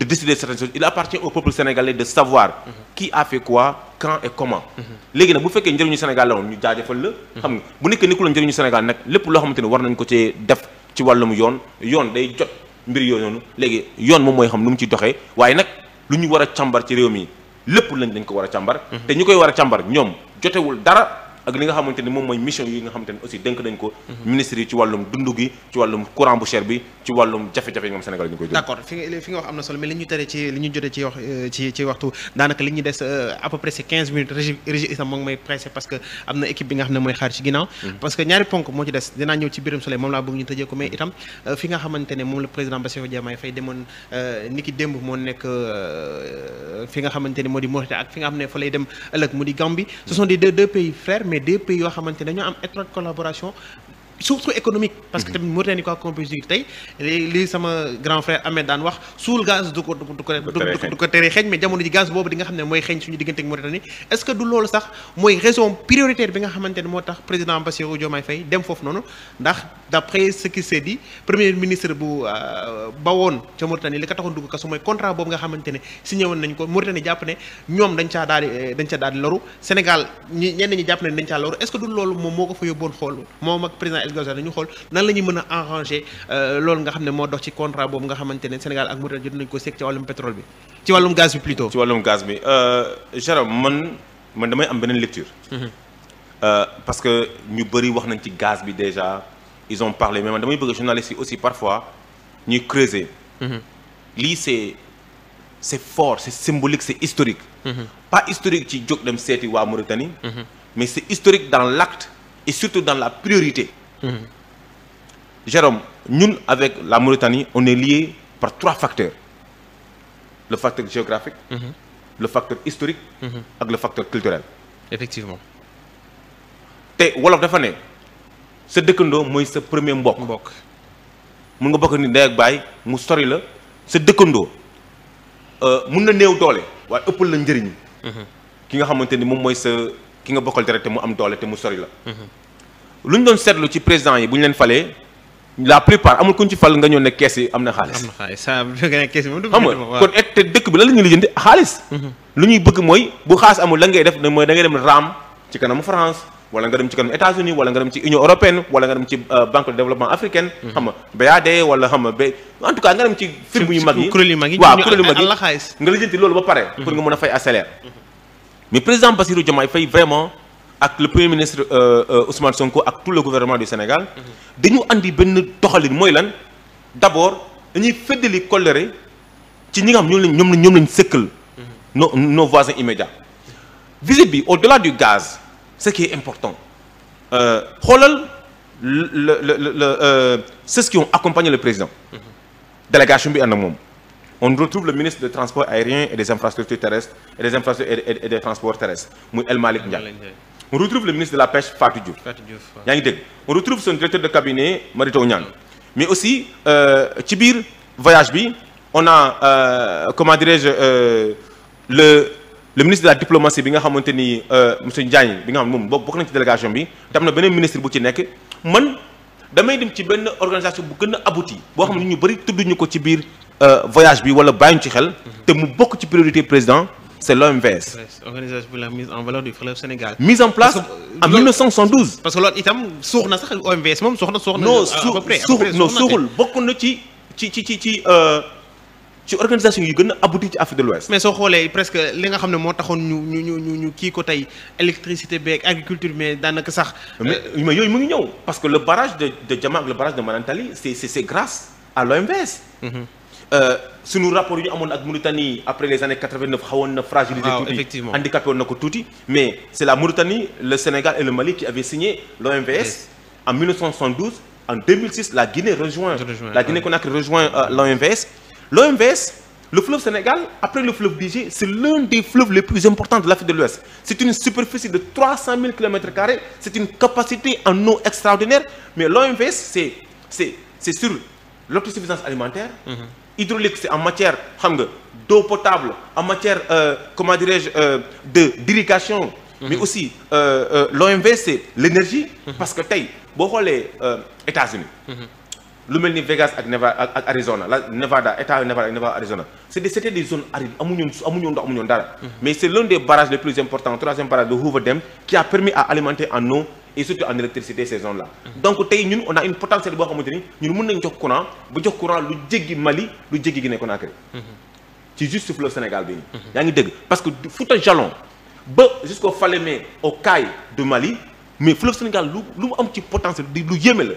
de décider certaines choses il appartient au peuple sénégalais de savoir mhm. qui a fait quoi quand et comment mhm. léegi nag bu fekkee njëriñu Sénégal la woon ñu jaajëfal la mhm. xam nga bu nekkee nekkul njëriñu Sénégal nag lépp loo xamante ne war nañ ko cee def ci wàllum yoon yoon day jot mbir yooyu noonu léegi yoon moom mooy xam lu mu ci doxee waaye nag lu ñu war a càmbar ci réew mi lépp lañ dañ ko war càmbar te ñu koy war a càmbar ñoom jotewul dara ak li nga xamante ni moom mooy mission yi nga xamante ni aussi dénk nañ ko ministre yi ci wàllum dund gi ci wàllum courant bu cher bi ci wàllum jafe-jafe yi nga xam Sénégal yi ñu koy jël d'accord fi nga fi nga wax am na solo mais li ñu tere ci li ñu jotee ci wax euh, ci ci waxtu daanaka li ñu des euh, à peu près c'est 15 minutes régi régi itam moo ngi may pressé parce que am na équipe bi nga xam ne mooy xaar ci ginnaaw mm-hmm. parce que ñaari ponk moo ci des dinaa ñëw ci Birame Souleye moom laa bëgg ñu tëjee ko mais itam euh, fi nga xamante ne moom la président Bassirou Diomaye Faye demoon ni ki démb moo nekk fi nga xamante ne moo di Mauritanie ak fi nga xam ne fa lay dem ëllëg mu di Gambie ce sont des deux deux pays frères mais deux yoo xamante ne dañoo am étroite collaboration su économique. parce que mhm. tamit Mauritanie quoi qu'on puisse dire tey lii sama grand frère Ahmed daan wax suul gaz du ko du ko du ko teree xeeñ mais jamono ji gaz boobu di xam ne mooy xeeñ suñu diggante ak est-ce que du loolu ministre bu euh, bawoon ca Mauritanie li ko taxoon dugg kaso mooy contrat boobu nga ne signé woon nañ ko Mauritanie jàpp ne ñoom dañ caa daal di eh, dañ caa daal di loru Sénégal ñi ñenn ñi jàpp moom moo ko fa yóbboon xool moom ak président Aliou Galsen ñu xool nan la mën a arranger euh, loolu nga xam ne moo dox ci contrat boobu nga xamante ne Sénégal ak Mauritanie jot nañ ko seq ci wàllum pétrole bi ci wàllum gaz bi plutôt. ci wàllum gaz bi euh, Jérôme man man damay am beneen lecture. Mhm. Euh, parce que ñu bëri wax nañ ci gaz bi déjà ils ont parlé mais man damay bëgg journalistes yi aussi parfois ñuy creuser. Mhm. lii c'est c'est fort c'est symbolique c'est historique. Mhm. pas historique ci jóg dem seeti waa Mauritanie. mais c'est historique dans la priorité. Mhm. Jérôme ñun avec la Mauritanie on est lié par trois facteurs le facteur géographique. Mhm. le facteur historique. Mhm. ak le facteur culturel. effectivement. te wolof dafa ne sa dëkkandoo mooy sa premier mbokk. mbokk mun nga bokk ni ndey ak baay mu sori la sa dëkkandoo euh, mun na néew doole waaye ëppal la njëriñ. ki nga xamante ni moom mooy sa ki nga bokkal deret te mu am doole te mu sori la. lu ñu doon seetlu ci président yi bu ñu leen falee la plupart amul ku ñu ci fal nga ñëw ne kees yi am na xaalis. xam nga kon et yi mhm. euh, mhm. mag yi nga lijjanti loolu ba pare. pour mhm. nga mën a fay a salaire. mais président Bassirou Diomaye Faye vraiment ak le premier ministre euh, euh, Ousmane Sonko ak tout le gouvernement du Sénégal dañu andi benn doxalin mooy lan d'abord dañuy feddali colère ci ñi xam ñoom lañ ñoom lañ ñoom lañ sëkkal nos nos voisins immédiats bi au-delà du gaz ce qui est important euh, xoolal le le le ceux qui ont accompagné le président délégation bi ànd ak moom on retrouve le ministre des transports aériens et des infrastructures terrestres et des transports terrestres muy El Malick Ndiaye on retrouve le ministre de la pêche Fatou Diouf. Fatou Diouf yaa ngi dégg on retrouve son directeur de cabinet Mary Teuw Niane mais aussi euh, ci biir voyage bi on a euh, comment dirais-je euh, le le ministre de la diplomatie bi nga xamante ni monsieur Ndiagne bi nga xam moom bokk nañ ci délégation bi te am na beneen ministre bu ci nekk man damay dem ci benn organisation bu gën abouti boo xam ne ñu bëri tudduñu ko ci biir voyage bi wala bàyyiñu ci xel te mu bokk ci priorité président c'est l'OMVS. organisation pour la mise en valeur du fleuve Sénégal. mise en place en 1972. parce que loolu itam suux na sax OMVS moom suux na suux na. à peu suuxul bokk na ci ci ci ci ci. Euh, ci organisation yi gën a abouti ci Afrique de l'Ouest mais soo xoolee presque li nga xam ne moo taxoon ñu ñu ñu ñu ñu kii ko tey électricité beeg agriculture mais daanaka sax. Euh, mais yooyu mu ngi ñëw parce que le barrage de de Diama ak le barrage de Manantali c'est grâce à l'OMVS. Euh, suñu rapport yu ñu amoon ak Mauritanie après les années 89 xawoon na fragilisé tuuti effectivement handicapé woon na ko tuuti mais c'est la Mauritanie le Sénégal et le Mali qui avaient signé l'OMVS en 1972 en 2006 la Guinée rejoint la Guinée-Conakry rejoint euh, l'OMVS l'OMVS le fleuve Sénégal après le fleuve Niger c'est l'un des fleuves les plus importants de l'Afrique de l'Ouest c'est une superficie de kilomètres carrés c'est une capacité en eau extraordinaire mais l'OMVS c'est sur l'autosuffisance alimentaire mm-hmm. hydraulique c'est en matière xam nga d'eau potable en matière euh, comment dirais-je euh, de d'irrigation mhm. mais aussi euh, euh c'est l'énergie mhm. parce que tey boo xoolee euh, États-Unis mhm. lu mel ni Vegas ak Nevada ak Arizona Nevada état Nevada ak Nevada Arizona c'est des c'était des zones arides amuñu amuñu ndox amuñu dara mais c'est l'un des barrages les plus importants troisième barrage de Hoover Dam qui a permis à alimenter en eau et surtout en électricité ces zones là donc tey ñun on a une potentiel boo xamante ni ñun mën nañ jox courant ba jox courant lu jéggi Mali lu jéggi Guinée Conakry ci juste fleuve Sénégal bi nii yaa ngi dëgg parce que Fouta Djallon ba jusqu'au Falémé au Kaay de Mali mais fleuve Sénégal lu lu mu am ci potentiel di lu yéeme la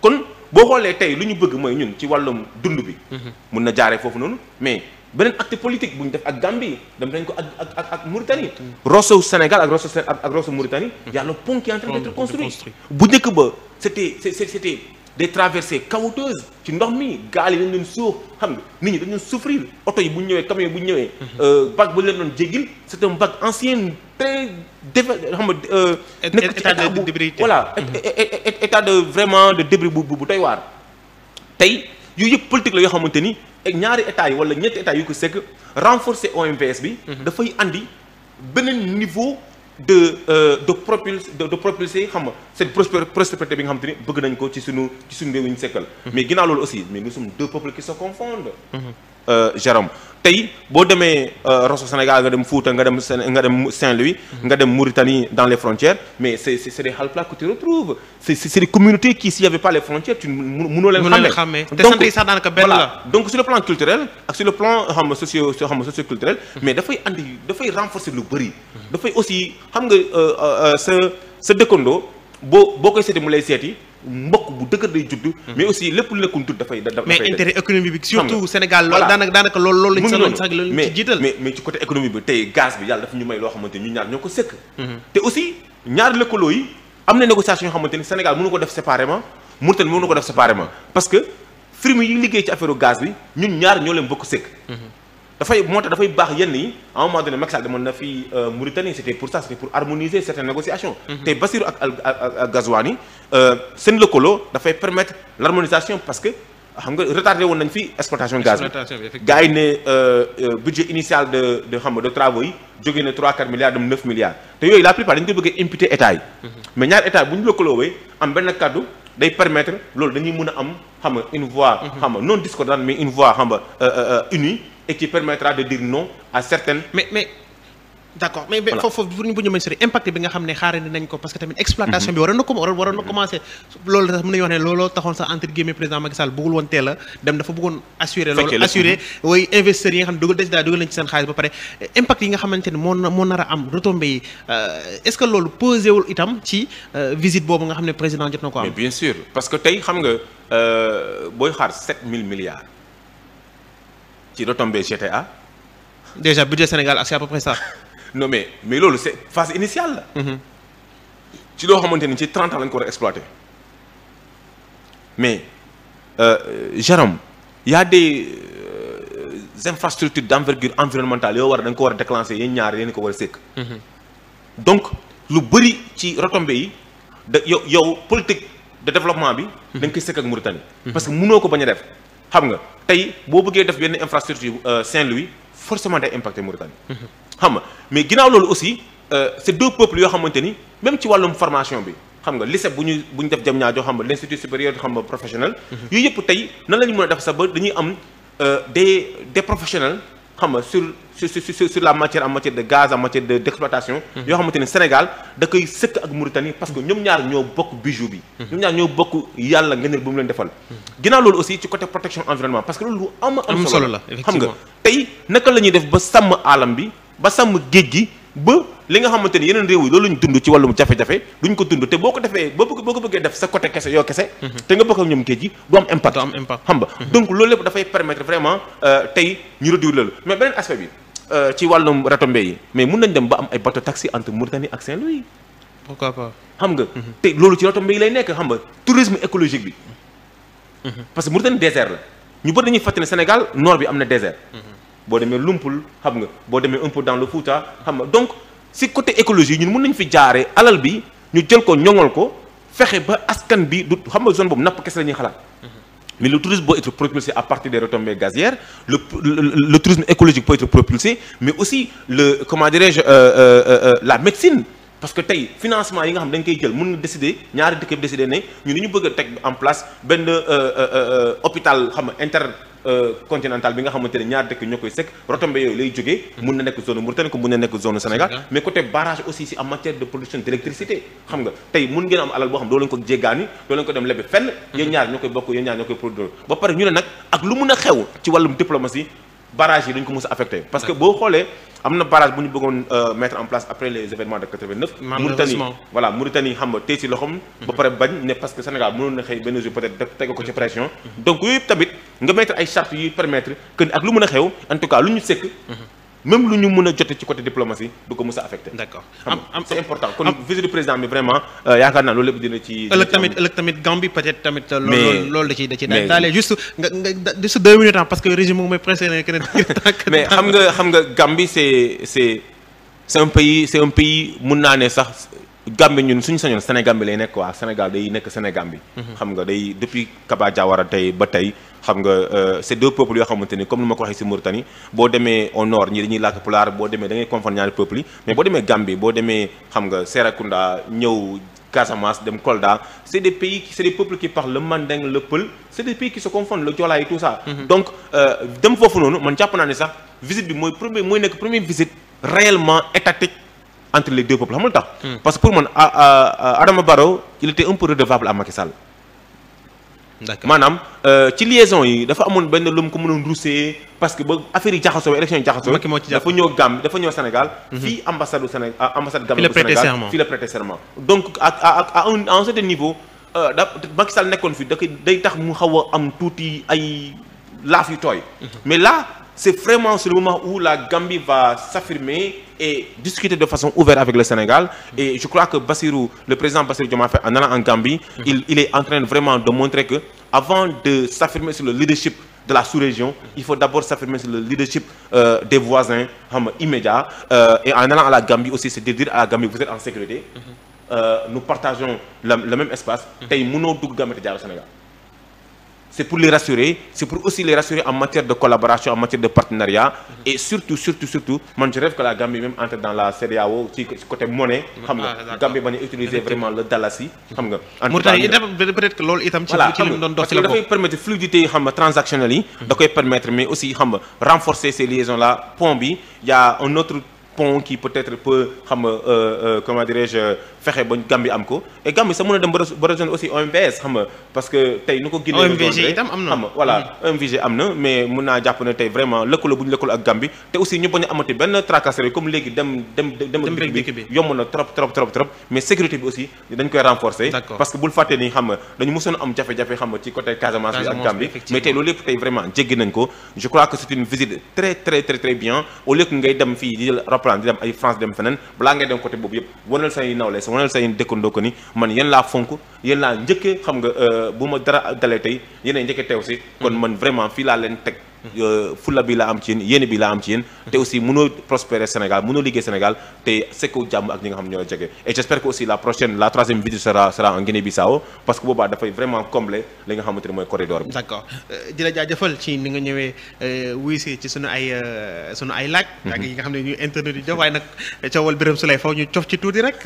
kon boo xoolee tey lu ñu bëgg mooy ñun ci wàllum dund bi mhm. mun na jaaree foofu noonu mais beneen acte politique bu ñu def ak Gambie dem nañ ko ak ak ak ak Mauritanie. Rosso Sénégal ak Rosso ak ak Rosso Mauritanie. y a le pont qui est en train d'être construit bu njëkk ba ci ndox mi gaal yi dañ leen suux xam nga nit ñi dañu leen souffrir oto yi bu ñëwee camion bu ñëwee. bac mhm. euh, bu leen doon jéggil c'est un bac ancien très défe xam nga. Euh, nekk ci état de débris voilà mhm. état de vraiment de débris bu bu doy waar. tey yooyu yëpp politique la yoo xamante ni. ñaari état yi wala ñetti état yu ko sëkk renforcer OMVS bi. Mhm. dafay andi beneen niveau de euh, de propulse de propulser xam nga cette prospérité bi nga xam te ni bëgg nañ ko ci suñu ci suñu réew yi mhm. mais ginnaaw loolu aussi mais nous sommes deux peuples qui se confondent. Mhm. Euh, Jérôme tey boo demee euh, Rosso Sénégal nga dem Fouta nga dem nga dem Saint-Louis mhm. nga dem Mauritanie dans les frontières mais c'est c'est des Halpulaar que tu retrouves c'est c'est des qui s'il y avait pas les frontières tu mënoo leen xàmmee donc sur le plan culturel ak sur le plan xam socio culturel mhm. mais dafay andi dafay renforcer lu bëri mhm. dafay aussi xam nga euh, sa sa dëkkandoo boo boo koy seeti mu lay seeti mbokk bu dëgër day judd. Hmm. mais aussi lépp lu nekkul judd dafay dafay. mais intérêt bi surtout Sénégal loolu daanaka daanaka loolu loolu lañ sanoon sax loolu ci jiital mais mais ci côté économique bi tey gaz bi yàlla dafa ñu may loo xamante ñu ñaar ñoo ko sëkk hmm. te aussi ñaar lëkkaloo yi am na négociation yoo xamante ni Sénégal mënu ko def séparément Mauritanie mënu ko def séparément parce que firme yi liggéey ci affaire gaz bi ñun ñaar ñoo leen bokk sëkk hmm. dafay moo tax dafay baax yenn yi à un moment donné Macky Sall na fi euh, Mauritanie c' était pour ça c' était pour harmoniser certaines négociations. Mhm. te Bassirou ak ak Gazouani euh, seen lëkkaloo dafay permettre l' parce que xam nga retardé woon nañ fi exploitation gaz bi. exploitation bi gars ne euh, budget initial de de xam nga de travaux yi jógee na 3 4 milliards dem 9 milliards te yooyu la plupart dañ ko bëggee imputer état yi. Mhm. mais ñaar état bu ñu lëkkaloowee am benn kàddu. dañuy mën am xam nga une voix. Mhm. xam nga non discordante mais une voix xam nga et qui permettra de dire non à certaines. mais mais d' mais foofu ñu bu ñu mën sori impact bi nga xam ne xaarandi nañ ko parce que tamit. exploitation bi mhm. waroon na ko waroon loolu tax mën nañu wax ne looloo taxoon sax entre guillemets président Macky Sall bëggul woon teel a dem dafa bëggoon assurer. loolu assurer mhm. way investisseurs yi nga xam ne dugal des daal dugal nañ ci seen xaalis ba pare. impact yi nga xamante ne moo moo nar am retombées yi euh, est ce que loolu posé itam ci euh, visite boobu nga xam ne président jot na ko am. mais bien sûr parce que tey xam euh, ci retombée GTA. déjà budget Sénégal ak c'est mais mais loolu phase initiale mm-hmm. ci loo xamante ni ci 30 lañ ko war a exploité mais euh, Jérôme y a des euh, d'envergure environnementale yoo war a da ko war a déclencher yéen ñaar yéen ko war a sekk. Mm-hmm. donc lu bëri ci retombées yi da yow yow politique de développement bi. Mm-hmm. da nga koy sekk ak Mauritanie. parce que mënoo ko bañ def. xam nga tey boo bëggee def benn infrastructure euh, Saint-Louis forcément day impacté Mauritanie. Mm-hmm. xam nga mais ginnaaw loolu aussi euh, c'est deux peuples yoo xamante ni même ci wàllum formation bi xam nga lycée bu ñu bu ñu def jam ñaajoo xam nga l'institut supérieur xam nga professionnel. Mm-hmm. yooyu yëpp tey nan la ñu mën a def sax ba dañuy am euh, des des professionnels. xam nga su sur sur la matière en matière de gaz en matière de d'exploitation. Mhm. yoo xamante ni Sénégal da koy sëkk ak Mauritanie parce que ñoom ñaar ñoo bokk bijou bi. Mhm. ñoom ñaar ñoo bokk yàlla ngëneel bu mu leen defal. Mhm. ginnaaw loolu aussi ci côté protection environnement parce que lu am. am solo la xam nga tey naka la def ba sàmm alam bi ba sàmm géej gi. ba li nga xamante ni yeneen réew yi loolu lañ dund ci wàllum jafe-jafe duñ ko dund te boo ko defee boo boo ko bëggee def sa côté kese yoo kese mhm. te nga bokk ak ñoom géej gi du am impact du am impact xam nga mhm. donc euh, tey loolu mais euh, ci wàllum yi mun nañ dem ba am ay bateau taxi entre Mauritanie ak Saint-Louis xam nga mhm. loolu ci retombées yi lay nekk xam nga tourisme écologique bi parce que Mauritanie désert la ñu bëri dañuy fàttali ne Sénégal noor bi am na désert boo demee Lumpul xam nga boo demee un peu dans le Fouta xam nga donc si côté écologie ñun mun nañu fi jaaree alal bi ñu jël ko ñoŋal ko fexe ba askan bi du xam na zone boobu napp kese la ñuy xalaat. Mm-hmm. mais le tourisme boo être propulsé à partir de retombées gazières le le, le tourisme écologique peut être propulsé mais aussi le comment dirais-je euh, euh, euh, euh la médecine parce que tey financement yi nga xam dañ koy jël mun nga décider ñaari dëkk yëpp décider ne ñu ni ñu bëgg a teg en place benn euh, euh, hôpital xam nga inter. Euh, continental bi nga xamante ne ñaar dëkk ñoo koy sekk rotombe yooyu lay jógee mun na nekk zone Mauritanie ko mun na nekk zone Sénégal mais côté barrage aussi si en matière de production d'électricité xam nga tey mun ngeen am alal boo xam doo ko jéggaani doo ko dem lebe fenn yéen ñaar ñoo koy bokk yéen ñaar ñoo koy produire ba pare ñu ne nag ak lu mun a xew ci wàllum diplomatie barrage yi duñ ko mos a affecté parce que boo xoolee am na barrage bu ñu bëggoon euh, mettre en place après les événements de 89 Mauritanie voilà Mauritanie xam nga tey si loxoom ba pare bañ ne parce que Sénégal mënoon na xëy benn jour peut être teg ko ci pression mhm. donc yooyu tamit nga mettre ay chartes yuy permettre que ak lu mën a xew en tout cas lu ñu sëkk mhm. même lu ñu mun a jot ci côté diplomatie du ko mës a affecté. d'accord am am c'est important kon visite du président bi vraiment euh, yaakaar naa loolu lépp dina ci. ëllëg tamit ëllëg tamit Gambie peut-être tamit. Euh, loolu loolu da ciy da ciy daale juste nga nga juste deux minutes parce que régime moom mooy nga xam nga Gambie c'est c'est c'est un pays c'est un pays mun naa ne sax. Gambie ñun suñu sañoon Sénégambie lay nekk waa Sénégal day nekk Sénégambie. Mhm. xam nga day depuis Kaba Diawara tey ba tey xam nga euh, c'est deux yoo xamante comme ni ma ko waxee si Mauritanie boo demee au ñi dañuy làkk pulaar boo demee da ngay confondre ñaari peuples yi mais boo demee Gambie boo demee xam nga Serekunda ñëw. Casamance dem Kolda c'est des pays c'est des peuples qui parlent le manding le peul c'est des pays qui se confondent le joolaa tout ça. Mhm. donc euh, entre les deux peuples xamul tax. Hmm. parce que pour man ah, ah, ah, Adama Barrow il était un peu redevable à Macky Sall. d'accord maanaam euh, ci liaison yi dafa amoon benn lu mu ko mënoon ruusee parce que ba affaire yi jaxasoo élection yi jaxasoo. Macky moo ci dafa ñëw Gambie dafa ñëw Sénégal. Hmm. fii ambassade du Sénégal ambassade Gambie du Sénégal fii la prêter serment donc à ak un à un certain niveau euh, da Macky Sall nekkoon fi da day tax mu xaw a am tuuti ay laaf yu tooy. Hmm. mais là. c'est vraiment sur le moment où la Gambie va s'affirmer et discuter de façon ouverte avec le Sénégal. Et je crois que Bassirou, le président Bassirou Diomaye Faye, en allant en Gambie, mm -hmm. il, il est en train vraiment de montrer que avant de s'affirmer sur le leadership de la sous-région, il faut d'abord s'affirmer sur le leadership euh, des voisins immédiats. Euh, et en allant à la Gambie aussi, c'est de dire à la Gambie, vous êtes en sécurité. Mm nous partageons la, le même espace. Mhm. Tey mënoo dugg Gambie te jaaroo c'est pour les rassurer c'est en matière de collaboration en matière de partenariat et surtout surtout man je rêve la Gambie même entre dans la CEDEAO ci côté monnaie xam nga ah, Gambie bañ a utiliser le dalasi xam nga peut-être que itam ci la permettre fluidité xam nga yi da koy permettre mais aussi xam renforcer ces liaisons là pont bi y un autre pont qui peut-être peut xam euh, euh, comment dirais fexe ba Gambie am ko et Gambie sax mën a dem ba rejoindre aussi OMVS xam parce que tey nu ko Guinée OMVG itam am na trop trop trop mais sécurité bi aussi dañ koy renforcer parce que bul fàttee ni xam dañu mosoon am jafe-jafe xam ci côté Casamance bi ak Gambie mais tey loolu lépp tey vraiment jéggi nañ ko je crois que c'est une visite très très très bien au lieu ngay dem fii alxuraan di dem ay France dem feneen balaa ngay dem côté boobu yëpp wanal say nawle sa wanal say dëkkandoo ko ni man yéen laa fonk yéen laa njëkkee xam nga euh, bu ma dara dalee tey yéen a teew si kon mm-hmm. man vraiment fii laa leen teg fulla bi la am ci yéen te aussi mënoo prospérer Sénégal mënoo liggéey Sénégal te sekkoo jàmm ak ñi nga xam ñoo la jege et j'espère que aussi la prochaine la troisième visite sera sera en Guinée-Bissau parce que boobaa dafay vraiment combler euh, la euh, euh, mhm. nga xam ne ñu internet yi def waaye nag coowal Birame Souleye faw ñu cof ci tuuti rek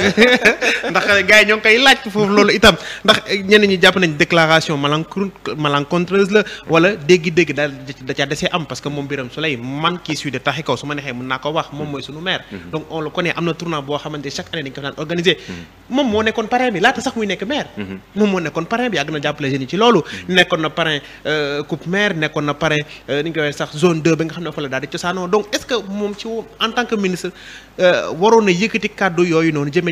ndax gars ñoo koy laaj foofu loolu itam ndax ñenn ñi jàpp nañ déclaration malencontreuse la wala dégg-dégg daal ca desee am parce que moom Birame Souleye man kii suis de Taxikaw su ma neexee mën naa ko wax moom mooy sunu maire mhm. donc on le connaît am na tournant boo xamante chaque année dañ ko daan organiser mhm. moom mhm. moom moo nekkoon parrain bi yàgg na jàppale jeunes ci loolu nekkoon na parrain euh, coupe maire nekkoon na parrain euh, ni nga xam ne fa la daal di cosaanoo donc est-ce que moom ci en tant que ministre euh, waroon na yëkkati kàddu yooyu noonu jëmee